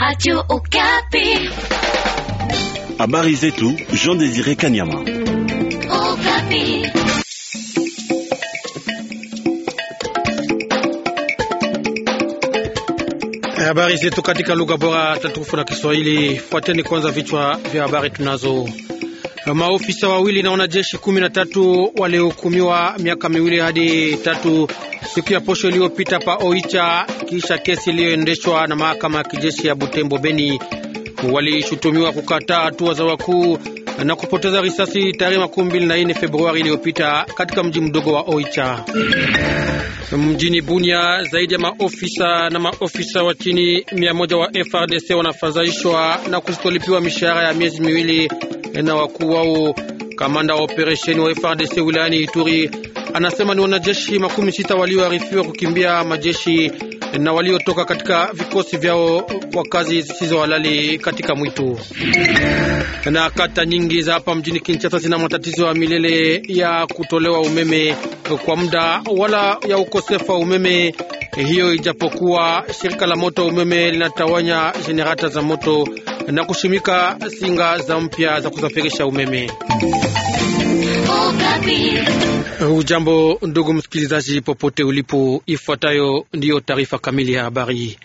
Radio Okapi. Habari zetu Jean Désiré Kanyama. Okapi. Habari zetu katika lugha bora tatukufu na Kiswahili. Fuateni kwanza vichwa vya habari tunazo. Maofisa wawili na wanajeshi kumi na tatu waliohukumiwa miaka miwili hadi tatu siku ya posho iliyopita pa Oicha, kisha kesi iliyoendeshwa na mahakama ya kijeshi ya Butembo Beni. Walishutumiwa kukataa hatua za wakuu na kupoteza risasi tarehe 24 Februari iliyopita katika mji mdogo wa Oicha. Mjini Bunia, zaidi ya maofisa na maofisa wa chini mia moja wa FRDC wanafadhaishwa na kustolipiwa mishahara ya miezi miwili na wakuu wao. Kamanda wa operesheni wa FRDC wilayani Ituri Anasema ni wanajeshi makumi sita walioarifiwa kukimbia majeshi na waliotoka katika vikosi vyao kwa kazi zisizo halali katika mwitu. Na kata nyingi za hapa mjini Kinshasa zina matatizo ya milele ya kutolewa umeme kwa muda wala ya ukosefu wa umeme hiyo, ijapokuwa shirika la moto umeme linatawanya jenerata za moto na kushimika singa za mpya za kusafirisha umeme. Ujambo ndugu msikilizaji, popote ulipo, ifuatayo ndiyo taarifa kamili ya habari.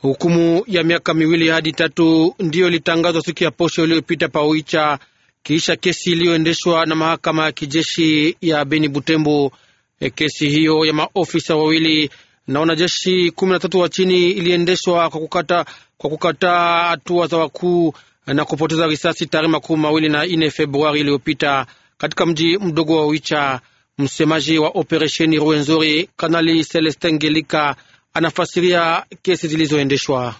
Hukumu ya miaka miwili hadi tatu ndiyo ilitangazwa siku ya posho iliyopita Pawicha, kisha kesi iliyoendeshwa na mahakama ya kijeshi ya Beni Butembo. E, kesi hiyo ya maofisa wawili na wanajeshi kumi na tatu wa chini iliendeshwa kwa kukataa kwa kukataa hatua za wakuu na kupoteza risasi tarehe makumi mawili na nne Februari iliyopita katika mji mdogo wa Wicha. Msemaji wa operesheni ruenzori Kanali Celestin Gelika, anafasiria kesi zilizoendeshwa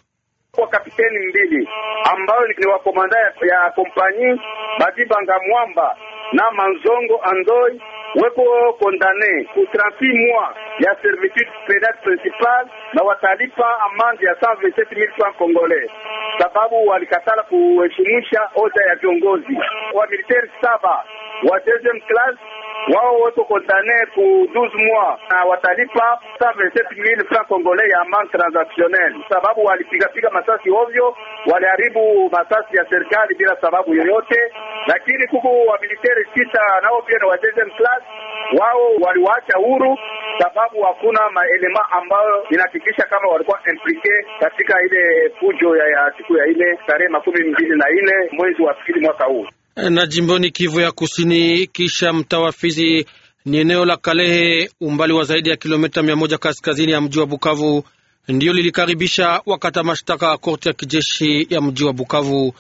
kwa kapiteni mbili ambayo ni wakomanda ya kompanyi Badibanga Mwamba na Manzongo Andoi weko kondane ku 36 mois ya servitude penale principale na watalipa amande ya 127000 francs congolais, sababu walikatala kuheshimisha oda ya viongozi wa militeri saba wa deuxième classe wao wote condamné ku 12 mois na watalipa 127000 francs congolais ya amende transactionnel, sababu walipigapiga masasi ovyo, waliharibu masasi ya serikali bila sababu yoyote. Lakini kuku wa military sita nao pia na wa deuxième classe wao waliwaacha huru, sababu hakuna maelema ambayo inahakikisha kama walikuwa implike katika ile fujo ya siku ya ile tarehe makumi mbili na nne mwezi wa pili mwaka huu na jimboni Kivu ya Kusini, kisha mtawafizi ni eneo la Kalehe, umbali wa zaidi ya kilomita mia moja kaskazini ya mji wa Bukavu, ndiyo lilikaribisha wakata mashtaka ya korti ya kijeshi ya mji wa Bukavu.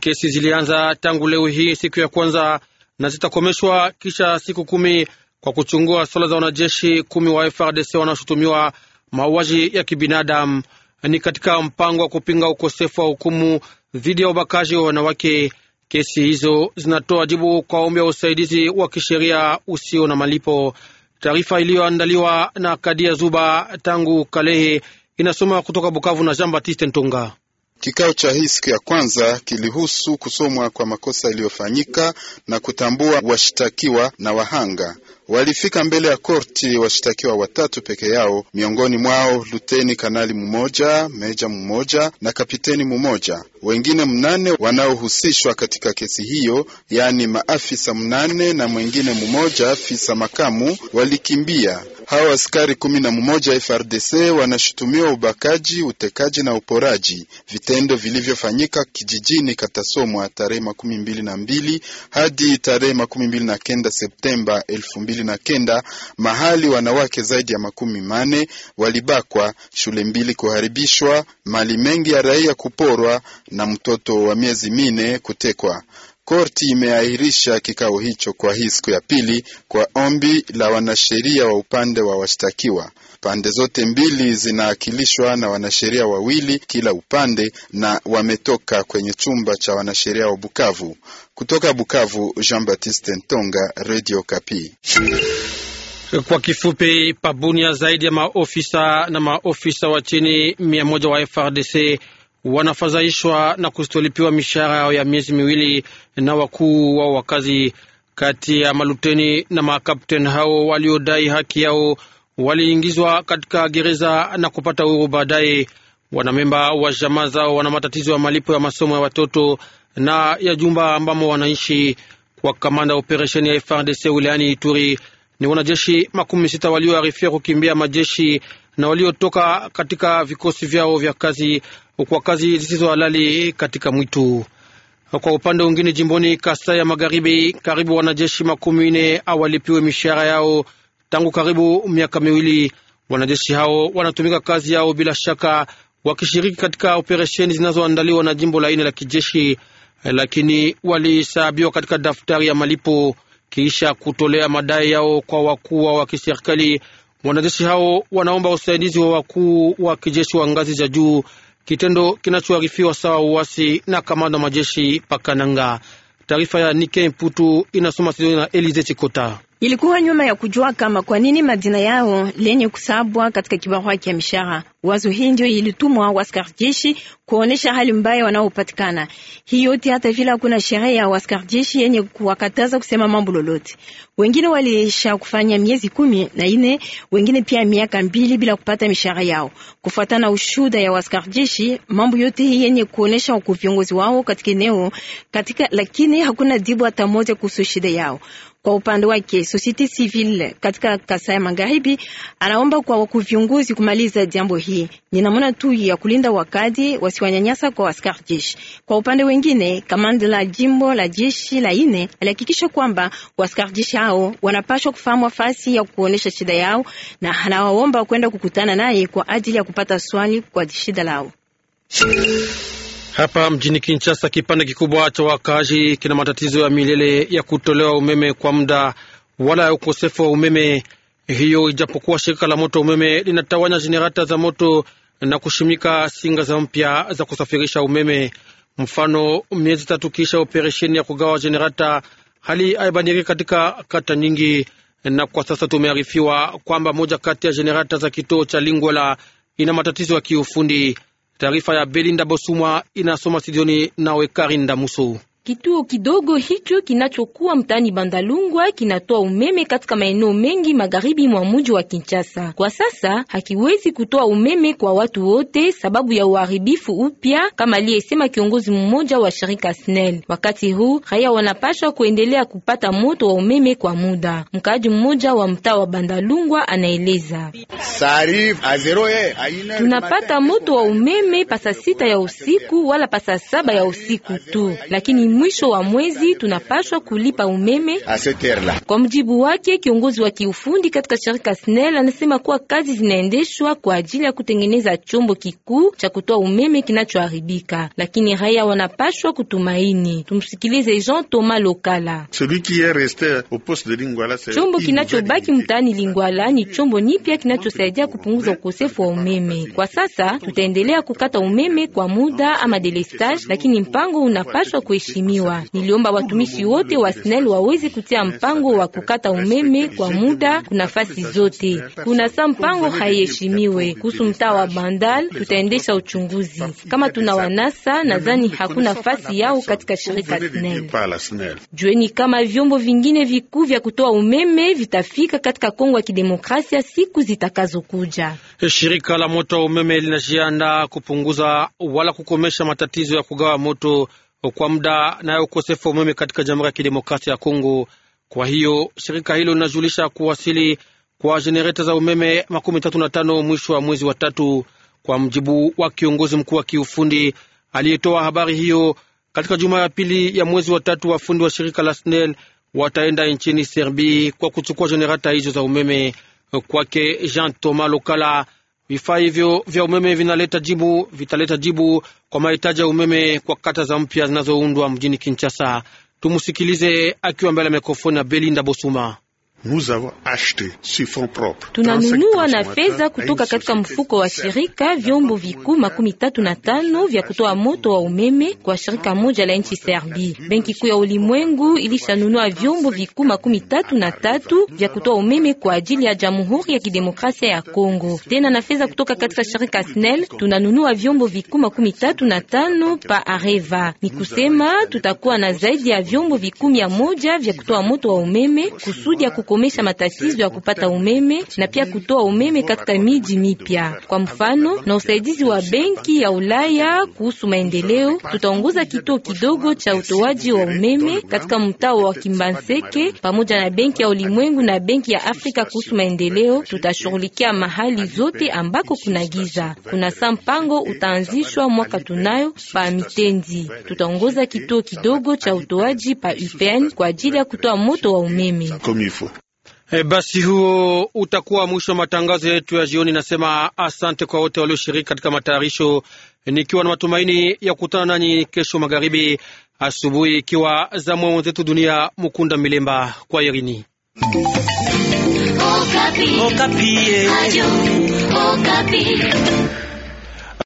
Kesi zilianza tangu leo hii siku ya kwanza na zitakomeshwa kisha siku kumi kwa kuchungua swala za wanajeshi kumi wa FRDC wanaoshutumiwa mauaji ya kibinadamu. Ni katika mpango wa kupinga ukosefu wa hukumu dhidi ya ubakaji wa wanawake. Kesi hizo zinatoa jibu kwa ombi ya usaidizi wa kisheria usio na malipo. Taarifa iliyoandaliwa na Kadia Zuba tangu Kalehe inasoma kutoka Bukavu na Jean Baptiste Ntonga. Kikao cha hii siku ya kwanza kilihusu kusomwa kwa makosa yaliyofanyika na kutambua washtakiwa na wahanga. Walifika mbele ya korti washtakiwa watatu peke yao, miongoni mwao luteni kanali mmoja, meja mmoja na kapiteni mmoja. Wengine mnane wanaohusishwa katika kesi hiyo, yaani maafisa mnane na mwengine mmoja afisa makamu, walikimbia. Hawa askari kumi na mmoja FRDC wanashutumiwa ubakaji, utekaji na uporaji, vitendo vilivyofanyika kijijini Katasomwa tarehe makumi mbili na mbili hadi tarehe makumi mbili na kenda Septemba elfu mbili mbili na kenda mahali wanawake zaidi ya makumi mane walibakwa, shule mbili kuharibishwa, mali mengi ya raia kuporwa na mtoto wa miezi mine kutekwa. Korti imeahirisha kikao hicho kwa hii siku ya pili kwa ombi la wanasheria wa upande wa washtakiwa. Pande zote mbili zinaakilishwa na wanasheria wawili kila upande na wametoka kwenye chumba cha wanasheria wa Bukavu. Kutoka Bukavu, Jean Baptiste Ntonga, Radio Kapi. Kwa kifupi, pabunia zaidi ya maofisa na maofisa wa chini mia moja wa FRDC wanafadhaishwa na kustolipiwa mishahara yao ya miezi miwili na wakuu wao wa kazi. Kati ya maluteni na makapteni hao waliodai haki yao waliingizwa katika gereza na kupata uhuru baadaye. Wanamemba wa jamaa zao wana matatizo ya malipo ya masomo ya watoto na ya jumba ambamo wanaishi. Kwa kamanda operesheni ya FRDC wilayani Ituri, ni wanajeshi makumi sita walioarifia kukimbia majeshi na waliotoka katika vikosi vyao vya kazi kwa kazi zisizo halali katika mwitu. Kwa upande mwingine, jimboni Kasai ya Magharibi, karibu wanajeshi makumi nne awalipiwe mishahara yao tangu karibu miaka miwili. Wanajeshi hao wanatumika kazi yao bila shaka, wakishiriki katika operesheni zinazoandaliwa na jimbo la ine la kijeshi lakini walihesabiwa katika daftari ya malipo kisha kutolea madai yao kwa wakuu wa kiserikali. Wanajeshi hao wanaomba usaidizi wa wakuu wa kijeshi wa ngazi za juu, kitendo kinachoarifiwa sawa uasi na kamanda majeshi Pakananga. Taarifa ya Nike Mputu inasoma Sidoni na Elize Chikota. Ilikuwa nyuma ya kujua kama kwa nini majina yao lenye kusabwa katika kibarua cha mishahara. Wazo hii ndio ilitumwa waskari jeshi kuonesha hali mbaya wanaopatikana. Hii yote hata vile hakuna sheria ya waskari jeshi yenye kuwakataza kusema mambo lolote. Wengine walisha kufanya miezi kumi na ine, wengine pia miaka mbili bila kupata mishahara yao. Kufuatana ushuda ya waskari jeshi, mambo yote hii yenye kuonesha uko viongozi wao katika eneo katika, lakini hakuna jibu hata moja kuhusu shida yao. Kwa upande wake societe civil katika Kasai Magharibi anaomba kwa viongozi kumaliza jambo hii, ni namna tu ya kulinda wakadi wasiwanyanyasa kwa askari jeshi. Kwa upande wengine, kamanda la jimbo la jeshi la ine alihakikisha kwamba askari jeshi hao wanapashwa kufahamu nafasi ya kuonesha shida yao, na anawaomba kwenda kukutana naye kwa ajili ya kupata swali kwa shida lao. Hapa mjini Kinshasa, kipande kikubwa cha wakaaji kina matatizo ya milele ya kutolewa umeme kwa muda wala ya ukosefu wa umeme hiyo, ijapokuwa shirika la moto umeme linatawanya jenerata za moto na kushimika singa za mpya za kusafirisha umeme. Mfano, miezi tatu kisha operesheni ya kugawa jenerata, hali haibadiliki katika kata nyingi, na kwa sasa tumearifiwa kwamba moja kati ya jenerata za kituo cha Lingwala ina matatizo ya kiufundi. Taarifa ya Belinda Bosumwa inasoma studioni nawe Karinda Muso. Kituo kidogo hicho kinachokuwa mtaani Bandalungwa kinatoa umeme katika maeneo mengi magharibi mwa mji wa Kinshasa. Kwa sasa hakiwezi kutoa umeme kwa watu wote sababu ya uharibifu upya, kama aliyesema kiongozi mmoja wa shirika SNEL. Wakati huu raia wanapaswa kuendelea kupata moto wa umeme kwa muda. Mkaaji mmoja wa mtaa wa Bandalungwa anaeleza, e, tunapata moto wa umeme pasa sita ya usiku wala pasa saba ya usiku tu, lakini mwisho wa mwezi tunapaswa kulipa umeme. Kwa mjibu wake, kiongozi wa kiufundi katika shirika SNEL anasema kuwa kazi zinaendeshwa kwa ajili ya kutengeneza chombo kikuu cha kutoa umeme kinachoharibika, lakini raia wanapaswa kutumaini. Tumsikilize Jean Thomas Lokala. Chombo kinachobaki mtaani Lingwala ni chombo nipya kinachosaidia kupunguza ukosefu wa umeme. Kwa sasa tutaendelea kukata umeme kwa muda ama delestage, lakini mpango unapaswa kuheshimiwa kutumiwa. Niliomba watumishi wote wa SNEL waweze kutia mpango wa kukata umeme kwa muda kuna nafasi zote. Kuna sa mpango haiheshimiwe. Kuhusu mtaa wa Bandal, tutaendesha uchunguzi kama tuna wanasa, nadhani hakuna fasi yao katika shirika SNEL. Jueni kama vyombo vingine vikuu vya kutoa umeme vitafika katika Kongo ya Kidemokrasia siku zitakazokuja. Shirika la moto wa umeme linajiandaa kupunguza wala kukomesha matatizo ya kugawa moto kwa muda nayo ukosefu wa umeme katika Jamhuri ya Kidemokrasia ya Kongo. Kwa hiyo shirika hilo linajulisha kuwasili kwa jenereta za umeme makumi tatu na tano mwisho wa mwezi wa tatu, kwa mjibu wa kiongozi mkuu wa kiufundi aliyetoa habari hiyo katika juma ya pili ya mwezi wa tatu. Wafundi wa shirika la SNEL wataenda nchini Serbia kwa kuchukua jenereta hizo za umeme. Kwake Jean Thomas Lokala, Vifaa hivyo vya umeme vinaleta jibu, vitaleta jibu kwa mahitaji ya umeme kwa kata za mpya zinazoundwa mjini Kinshasa. Tumsikilize akiwa mbele ya mikrofoni ya Belinda Bosuma tunanunua na fedha kutoka katika mfuko wa shirika vyombo vikuu makumi tatu na tano vya kutoa moto wa umeme kwa shirika moja la nchi Serbia. Benki Kuu ya Ulimwengu ilishanunua vyombo vikuu makumi tatu na tatu vya kutoa umeme kwa ajili ya Jamhuri ya Kidemokrasia ya Kongo. Tena na fedha kutoka katika shirika SNEL tunanunua vyombo vikuu makumi tatu na tano pa Areva. Ni kusema tutakuwa na zaidi ya vyombo vikuu mia moja vya kutoa moto wa umeme kusudi ya kukomesha matatizo ya kupata umeme na pia kutoa umeme katika miji mipya. Kwa mfano, na usaidizi wa Benki ya Ulaya kuhusu maendeleo, tutaongoza kituo kidogo cha utoaji wa umeme katika mtaa wa Kimbanseke pamoja na Benki ya Ulimwengu na Benki ya Afrika kuhusu maendeleo. Tutashughulikia mahali zote ambako kuna giza. Kuna saa mpango utaanzishwa mwaka tunayo pa Mitendi, tutaongoza kituo kidogo cha utoaji pa UPN kwa ajili ya kutoa moto wa umeme. E, basi huo utakuwa mwisho wa matangazo yetu ya jioni. Nasema asante kwa wote walioshiriki katika matayarisho, nikiwa na matumaini ya kukutana nanyi kesho magharibi, asubuhi ikiwa zamu ya mwenzetu dunia Mukunda Milemba. Kwa herini. Okapi. Okapi. Eh.